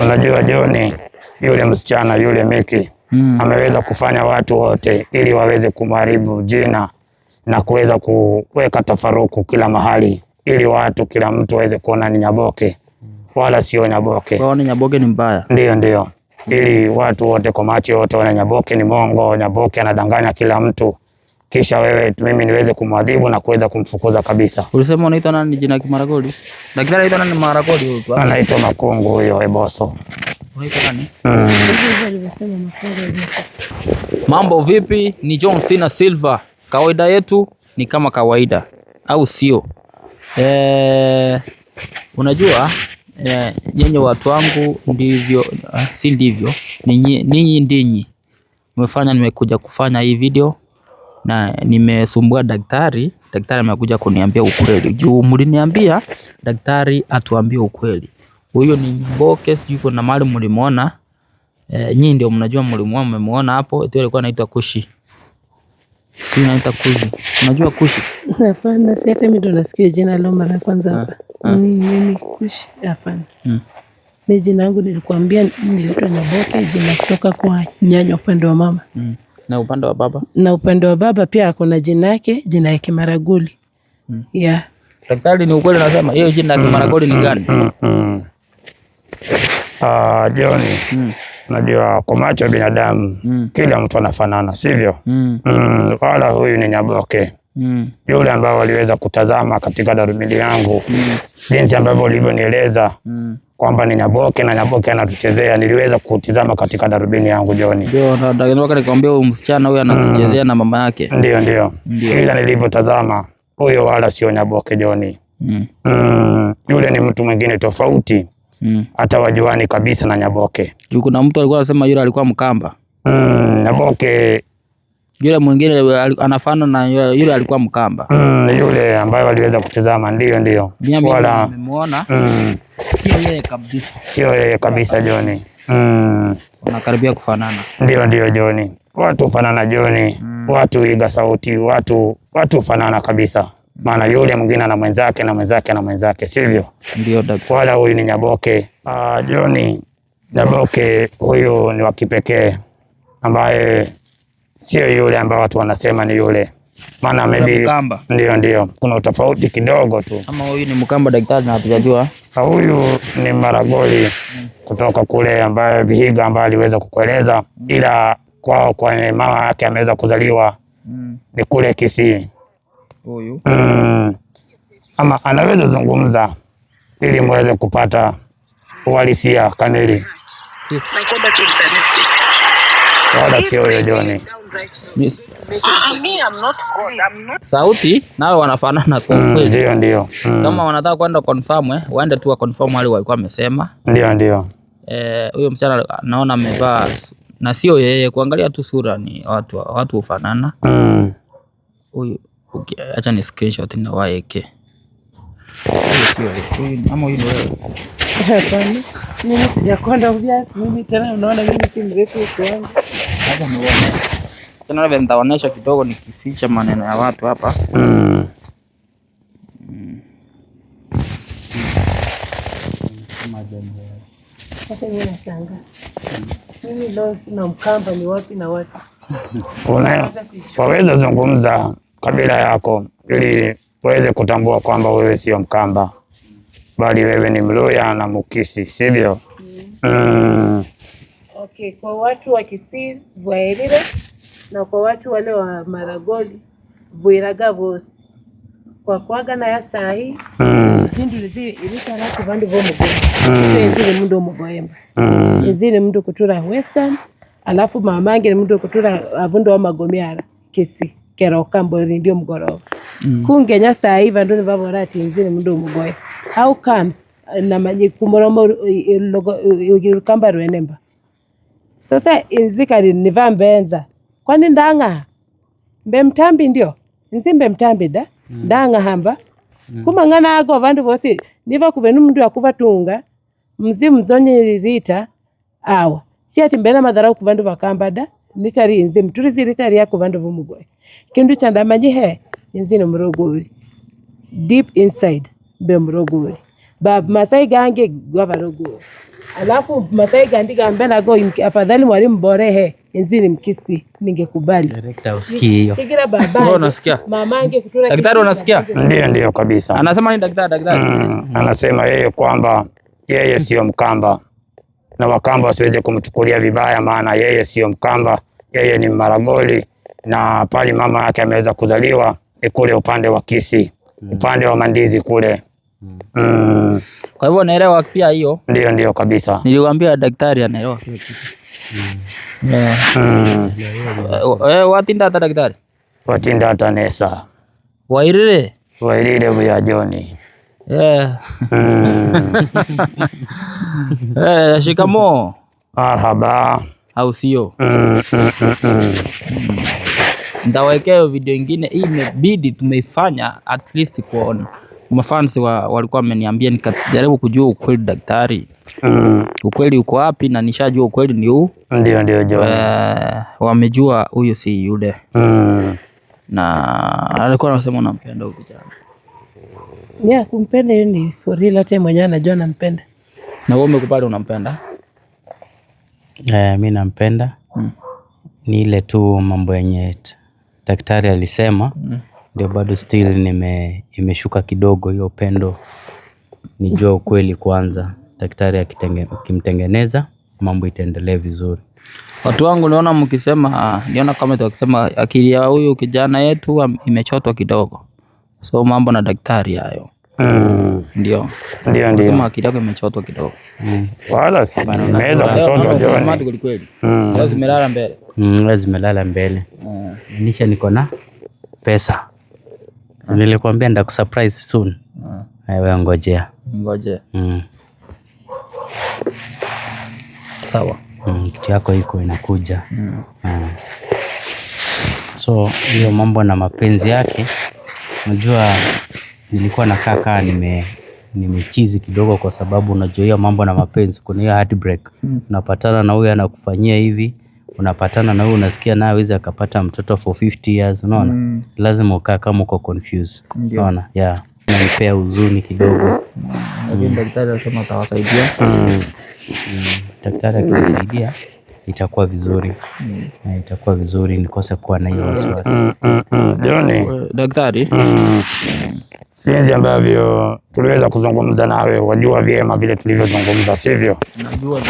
Unajua Joni yule msichana yule Miki mm. ameweza kufanya watu wote ili waweze kumharibu jina na kuweza kuweka tafaruku kila mahali ili watu kila mtu aweze kuona ni Nyaboke wala sio Nyaboke. Wao Nyaboke ni mbaya. Ndio, ndio. Ili watu wote kwa macho yote wana Nyaboke ni mongo, Nyaboke anadanganya kila mtu kisha wewe mimi niweze kumwadhibu na kuweza kumfukuza kabisa. Ulisema unaitwa nani jina Kimaragoli? Daktari anaitwa nani Maragoli huyo? Ah? Anaitwa Makungu huyo eboso. Unaitwa nani? Mm. Mambo vipi? Ni John Cena Silva. Kawaida yetu ni kama kawaida au sio? Eh, unajua eh, nyenye watu wangu ndivyo eh, si ndivyo ninyi ndinyi mmefanya nimekuja kufanya hii video na nimesumbua daktari. Daktari amekuja kuniambia ukweli, juu mliniambia daktari atuambie ukweli. Huyo ni Mboke, sijui kuna mahali mlimuona e, eh, nyinyi ndio mnajua mlimuona, mmemuona hapo. Eti alikuwa anaitwa Kushi, si naita Kushi. unajua Kushi? Hapana, si hata mimi ndo nasikia jina leo mara ya kwanza ah, hapa. Mimi ah. Kushi, hapana ni hmm. jina langu, nilikwambia niliitwa Nyaboke, jina kutoka kwa nyanya upande wa mama mm. Na upande wa baba? Na upande wa baba pia akona jina yake, jina ya Kimaragoli. Hmm. Yeah. Daktari, ni ukweli nasema hiyo jina ya Kimaragoli ni gani? Hmm, hmm, hmm. Ah, Joni. Najua kwa macho ya binadamu mm. kila mtu anafanana, sivyo? Mm. Mm. Wala huyu ni Nyaboke mm. yule ambao waliweza kutazama katika darubini yangu mm. jinsi ambavyo ulivyonieleza mm. kwamba ni Nyaboke na Nyaboke anatuchezea, niliweza kutizama katika darubini yangu Joni, nikamwambia huyu msichana huyu anatuchezea mm. na mama yake, ndio ndio, ila nilivyotazama huyo wala sio Nyaboke Joni mm. mm. yule ni mtu mwingine tofauti mm. hata mm. wajuani kabisa na Nyaboke. Kuna mtu alikuwa anasema yule alikuwa Mkamba mm. Nyaboke yule mwingine anafana na yule, yule alikuwa Mkamba mm, yule ambayo waliweza kutizama, ndio ndio, wala nimemuona mm. Sio yeye kabisa, sio yeye kabisa Joni mm. Unakaribia kufanana, ndio ndio Joni, watu fanana Joni mm. Watu iga sauti, watu watu fanana kabisa, maana yule mwingine ana mwenzake na mwenzake na mwenzake, sivyo? Ndio daktari, wala huyu ni Nyaboke. Ah, Joni Nyaboke huyu ni wa kipekee ambaye sio yule ambao watu wanasema ni yule maana maybe ndio ndio, kuna utofauti kidogo tu. Ama huyu ni Mkamba daktari, na hatujajua ah, huyu ni Maragoli mm. kutoka kule ambaye Vihiga ambaye aliweza kukueleza mm. ila kwao kwa mama yake ameweza kuzaliwa mm. ni kule Kisii huyu mm. ama anaweza zungumza ili muweze kupata uhalisia kamili Ah, Sauti nawe wanafanana kwa mm, kweli. Ndio, ndio. Mm. Kama wanataka kwenda confirm eh, waende tu confirm wale walikuwa wamesema. Ndio, ndio. Eh, huyo msichana naona amevaa na sio yeye, kuangalia tu sura ni watu watu hufanana. Mm. Huyu acha ni screenshot na waeke. Sio yeye. Ama huyu ni wewe. Hapana. Mimi sijakwenda ubiasi, mimi tena unaona mimi si mrefu kwangu. Tena labda nitaonesha kidogo nikificha maneno ya watu hapa mm. Waweza zungumza kabila yako ili waweze kutambua kwamba wewe sio Mkamba bali wewe ni Mluya na Mukisi, sivyo? mm. Mm yake kwa watu wa Kisii Vwairire na kwa watu wale wa Maragoli vwiraga vose kwakuaga nayo saa hii zindu mm. lizi ilitaraku vandu vomugoa mm. ezile mundu omugoemba mm. ezile mundu kutura western alafu mamange ni mundu kutura avundu wa magomiara kisi keroka mbori ndio mgorova mm. kungenya saa hii vandu nivavora ati ezile mundu omugoya how comes na maji kumoroma urukamba rwenemba sasa inzikari niva mbenza kwani ndang'aha mbe mtambi ndio nzi mbe mtambi da mm. hamba mm. kumang'ana ako vandu vosi niva kuvenu mndu akuvatunga mzi mzonyililita awa si ati mbena madharau kuvandu vakamba da nitari inzi mturizi litari yako vandu vumugoe kindu chandamanyi he inzi ni mroguri deep inside mbe mroguri ba Masai gange gwavalogo alafu Masai gandi gambe nago afadhali mwalimu borehe enzi ni mkisi ningekubali. Director usikii hiyo. Chekira baba. Wewe unasikia? Mama ange kutura Daktari unasikia? Ndio ndio kabisa. Anasema ni daktari daktari. Mm, anasema yeye kwamba yeye sio Mkamba na Wakamba wasiweze kumchukulia vibaya, maana yeye sio Mkamba, yeye ni Maragoli na pali mama yake ameweza kuzaliwa ni kule upande wa Kisi, mm. upande wa Mandizi kule Mm. Kwa hivyo naelewa pia hiyo. Ndio, ndio kabisa. Niliwaambia daktari anaelewa kitu. Mm. Yeah. Mm. Eh, watinda hata daktari. Watinda hata nesa. Wairire. Wairire buya Joni. Eh. Mm. Eh, shikamo. Marhaba. Au sio? Mm, mm, mm, mm. mm. Ndawekea video ingine, hii imebidi tumeifanya at least kuona mafans wa, walikuwa wameniambia nikajaribu kujua ukweli daktari. Mm. Ukweli uko wapi? Na nishajua ukweli ni huu. Ndio, ndio jo. Eh, wamejua huyo si yule. Mm. Na alikuwa anasema anampenda huyo kijana. Yeah, kumpenda yeye ni for real, hata mwenyewe anajua anampenda. Na wewe umekubali unampenda? Eh, mimi nampenda. Mm. Ni ile tu mambo yenye daktari alisema. Mm ndio bado still imeshuka kidogo hiyo pendo nijua ukweli kwanza daktari akimtengeneza mambo itaendelea vizuri. Watu wangu niona mkisema niona comment wakisema akili ya huyu kijana yetu imechotwa kidogo. So mambo na daktari hayo. Mm. Ndio. Ndio ndio. Sema akili yako imechotwa kidogo. Mm. Wala si imeweza kuchotwa ndio. Smart kweli kweli. Mm. zimelala mbele. Mm, zimelala mbele. Mm. Nisha niko na pesa. Ah. Nilikwambia kusurprise soon. Wewe ah. ngojea. Ngojea. Mm. Sawa. Mm, kitu yako iko inakuja. Mm. Mm. So hiyo mambo na mapenzi yake, unajua nilikuwa nakaa kaa nime nimechizi kidogo, kwa sababu unajua hiyo mambo na mapenzi, kuna hiyo heartbreak mm. unapatana mm. na huyu anakufanyia hivi unapatana na huyu unasikia naye awezi akapata mtoto for 50 years, unaona mm. lazima ukaa kama uko confused, unaona yeah. Nanipea huzuni kidogo, mm. lakini mm. daktari anasema atawasaidia. Mm. Daktari akisaidia itakuwa vizuri mm. itakuwa vizuri nikose kuwa na hiyo wasiwasi. Daktari jinsi ambavyo tuliweza kuzungumza nawe, wajua vyema vile tulivyozungumza, sivyo?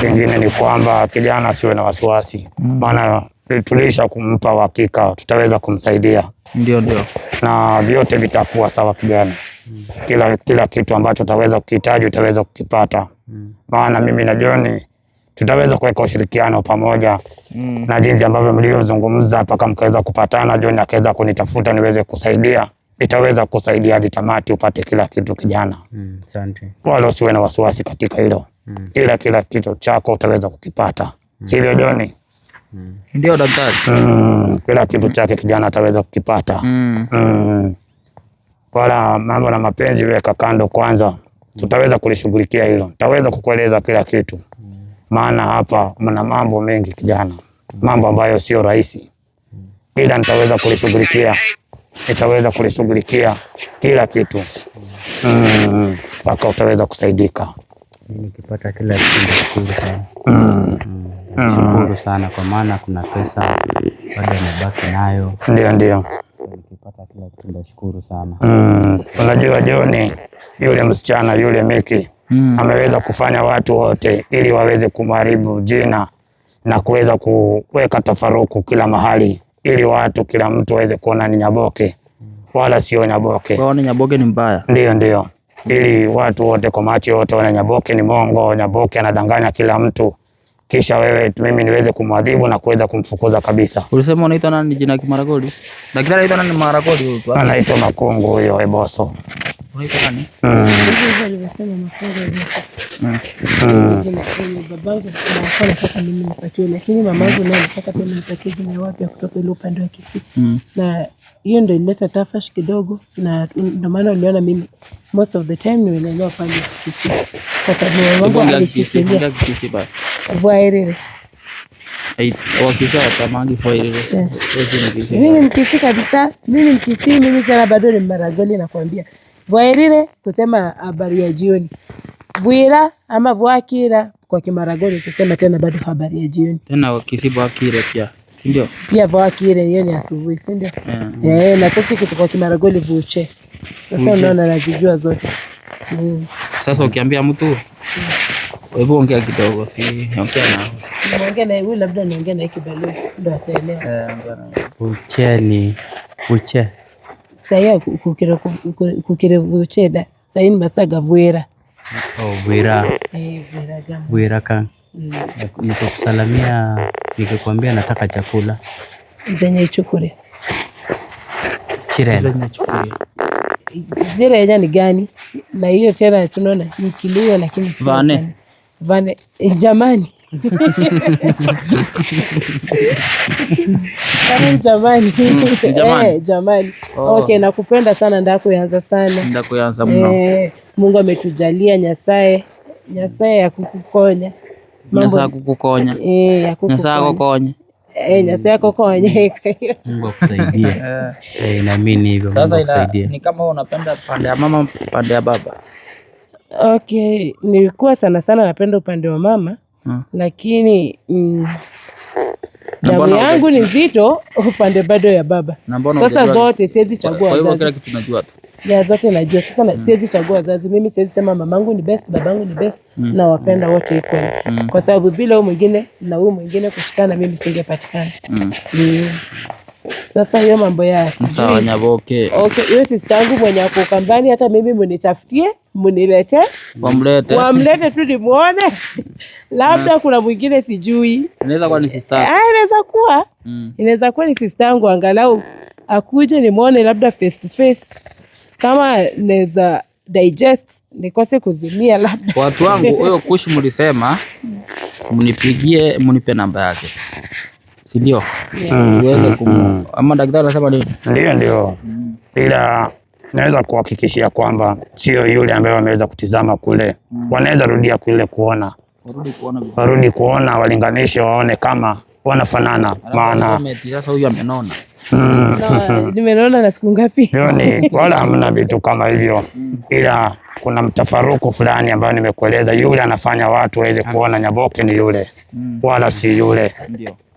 Pengine ni kwamba kijana asiwe na wasiwasi, mm. maana mm. tulisha kumpa uhakika tutaweza kumsaidia. Ndio, ndio, na vyote vitakuwa sawa kijana. mm. Kila, kila kitu ambacho utaweza kukihitaji utaweza kukipata, mm. maana mm. mimi na Joni tutaweza kuweka ushirikiano pamoja mm. na jinsi ambavyo mlivyozungumza mpaka mkaweza kupatana, Joni akaweza kunitafuta niweze kusaidia itaweza kusaidia hadi tamati, upate kila kitu kijana. Mm, asante. Wala usiwe na wasiwasi katika hilo mm. Ila kila kitu chako utaweza kukipata mm. Sivyo Joni? Mm. Ndio daktari. Mm, kila kitu chake kijana ataweza kukipata mm. Mm. Wala mambo na mapenzi weka kando kwanza, tutaweza kulishughulikia hilo, tutaweza kukueleza kila kitu mm. Maana hapa mna mambo mengi kijana, mambo ambayo sio rahisi, ila nitaweza kulishughulikia itaweza kulishughulikia kila kitu mm. mpaka mm, utaweza kusaidika. Nikipata kila kitu mm, mm. shukuru sana, kwa maana kuna pesa bado imebaki nayo. Ndio, ndio Nashukuru sana. Mm, unajua Joni, yule msichana yule Miki mm, ameweza kufanya watu wote ili waweze kumharibu jina na kuweza kuweka tafaruku kila mahali ili watu kila mtu aweze kuona ni Nyaboke wala sio Nyaboke. Waone Nyaboke ni mbaya, ndio ndio, ili watu wote kwa macho yote waone Nyaboke ni mongo, Nyaboke anadanganya kila mtu, kisha wewe mimi niweze kumwadhibu na kuweza kumfukuza kabisa. Ulisema unaitwa nani jina Kimaragoli? Daktari anaitwa nani Maragoli? Anaitwa Makungu huyo Eboso lakini mamangu naye anataka pia nimpatie jina wapya kutoka ile upande wa Kisii na hiyo ndo ilileta tafash kidogo, na ndo maana uliona mimi most of the time nimelelewa pale Kisii kwa sababu wangu alishikilia Vwairere. Mimi ni Mkisii kabisa, mimi ni Mkisii, mimi tena bado ni Maragoli nakwambia. Bwairire kusema habari ya jioni, bwira ama bwakira kwa Kimaragoni kusema tena bado habari ya jioni, tena wakisibu wakire pia ndio pia bwakire hiyo ni asubuhi, si ndio? yeah. yeah, mm. eh, na kitu kwa Kimaragoni vuche. Sasa unaona nazijua zote mm. Sasa ukiambia mtu hebu ongea kidogo, si ongea na ongea na huyu, labda niongea na kibalozi ndio ataelewa. Ucheni eh, uche saya kukira kukira vucheda saini masaga vwera oh, vwera eh, vwera vwera ka mm. nikakusalamia nikakwambia nataka chakula zenye chukuri chirena zenye chukuri zile yenye ni gani na hiyo chera tunaona ni kilio lakini vane vane eh, jamani Yaani jamani, mm, eh, jamani. jamani. Oh. Okay, nakupenda sana ndakuyanza sana mno eh, Mungu ametujalia nyasae nyasae ya kukukonya nyasae ya kukukonya eh, ya kukukonya eh, mm. Mm. Mungu akusaidie eh, naamini hivyo. Ni kama unapenda pande ya mama, pande ya baba? Okay, nilikuwa sana sana napenda upande wa mama lakini mm, damu yangu ni nzito upande bado ya baba. Sasa zote siwezi chagua wazazi, ya zote najua sasa mm. Siwezi chagua wazazi mimi, siwezi sema mamangu ni best, babangu ni best mm. na wapenda wote iko mm. kwa sababu bila huyu mwingine na huyu mwingine kushikana mimi singepatikana mm. mm. Sasa hiyo mambo ya sawa Okay, hiyo sistangu mwenye ako kambani, hata mimi munitafutie, munilete, wamlete wamlete tu nimwone labda kuna mwingine sijui, inaweza kuwa ni sistangu, eh, inaweza kuwa mm, inaweza kuwa ni sistangu, angalau akuje nimwone labda face to face, kama naweza digest nikose kuzimia labda. Watu wangu huyo Kush mlisema mnipigie, mnipe namba yake si ndio? Mm, uweze mm, kum mm. ama daktari anasema ndio, ndio ndio, ila naweza kuhakikishia kwamba sio yule ambaye wameweza kutizama kule, wanaweza rudia kule kuona, warudi kuona, walinganishe, waone kama wanafanana, maana huyu amenona nimeona na siku ngapi, Yoni, wala hamna vitu kama hivyo, ila kuna mtafaruku fulani ambayo nimekueleza. Yule anafanya watu waweze kuona Nyaboke ni yule, wala si yule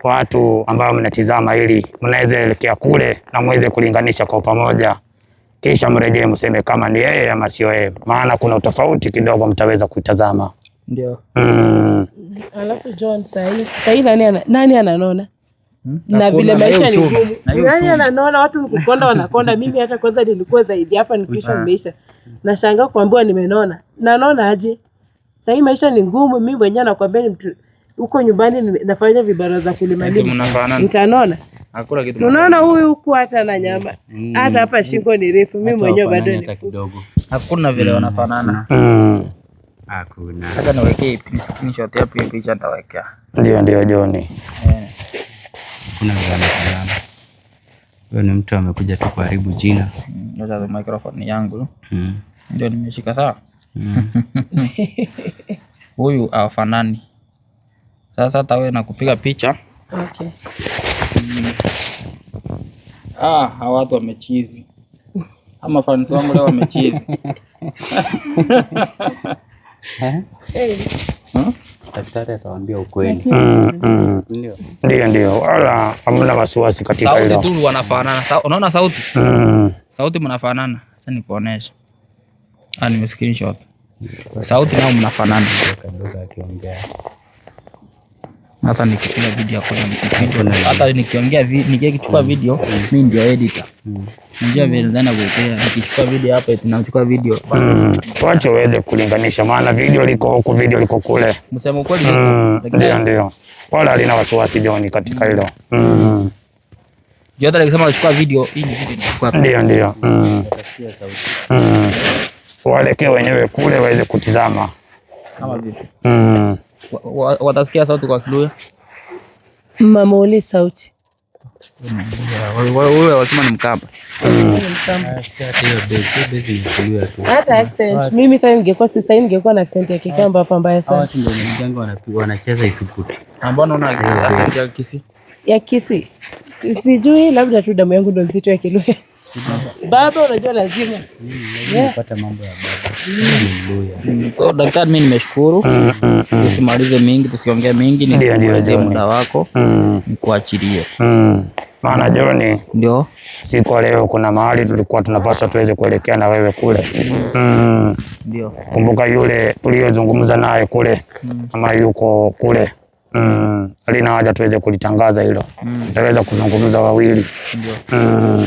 kwa watu ambao mnatizama ili mnaweza elekea kule na muweze kulinganisha kwa pamoja, kisha mrejee mseme kama ni yeye ama sio yeye, maana kuna utofauti kidogo mtaweza kutazama. Ndio. Mm. Alafu John sahii sahii, nani, nani ananona Hmm? Na vile maisha ni gumu, nani ananona? watu mkukonda wanakonda. Mimi hata kwanza nilikuwa zaidi hapa, nikisha ah. maisha nashangaa kuambiwa nimenona, nanona aje? Sahii maisha ni ngumu, mimi mwenyewe nakwambia ni mtu huko nyumbani nafanya vibaraza kulimalima, nitanona unaona huyu huku hata na nyama mm. hata hapa shingo ni refu, mimi mwenyewe bado ni kidogo. Hakuna vile mm. wanafanana, mm. hakuna hata. niweke screenshot hapo, hiyo picha nitaweka Ndio, ndio Joni, eh. Huyo ni mtu amekuja tu kuharibu jina. microphone yangu ndio nimeshika, sawa. Huyu afanani sasa hata wewe nakupiga picha okay. Mm. Ah, hawa watu wamechizi ama fans wangu leo wamechizi hmm? Daktari atawaambia ukweli. Mm, mm. Ndio, ndio, wala hamna wasiwasi katika hilo. Sauti tu wanafanana. Unaona sauti? Mm. Sauti mnafanana. Acha nikuoneshe. Ah, yaani nime screenshot. Sauti nao mnafanana. Akiongea hata nikitumia video yako na hata nikiongea nikichukua mm. video mimi mm. ndio editor. Njia vile ndana kupea nikichukua video hapa tunachukua video. Mm. Wacha uweze kulinganisha maana video liko huko video liko kule. Msema ukweli ndio ndio. Wala alina wasiwasi joni katika hilo. Mm. Jota alikisema anachukua video hii ni video inachukua. Ndio ndio. Mm. Mm. Waelekee wenyewe kule waweze kutizama. Kama vipi? Mm watasikia sauti kwa Kiluya. Mama ule sauti wewe wasema ni Mkamba. Hata accent mimi sasa ningekuwa si sasa ningekuwa na accent ya Kikamba hapa mbaya sana. Hawa ndio mjanga wanapigwa wanacheza isukuti. Ambao unaona accent eh, eh. ya Kisi? Ya Kisi. Sijui labda tu damu yangu ndio nzito ya Kiluya. Baba unajua lazima. Mimi napata mambo ya baba. So daktari, mimi nimeshukuru. Mm, mm, mm, Tusimalize mingi, tusiongee mingi, nikupatie muda wako mm. nikuachilie mm. maana mm. Joni, ndio siku leo kuna mahali tulikuwa tunapaswa tuweze kuelekea na wewe kule mm. Ndio kumbuka yule tuliyozungumza naye kule mm. ama yuko kule mm. alina haja tuweze kulitangaza hilo mm. tutaweza kuzungumza wawili mm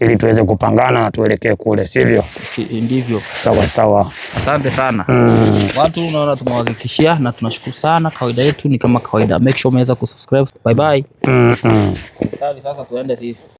ili tuweze kupangana na tuelekee kule, sivyo? Ndivyo. Sawa sawa, asante sana mm. Watu unaona tumewahakikishia na tunashukuru sana. Kawaida yetu ni kama kawaida, make sure umeweza kusubscribe. Bye bye. Mm -mm. Sasa tuende sisi.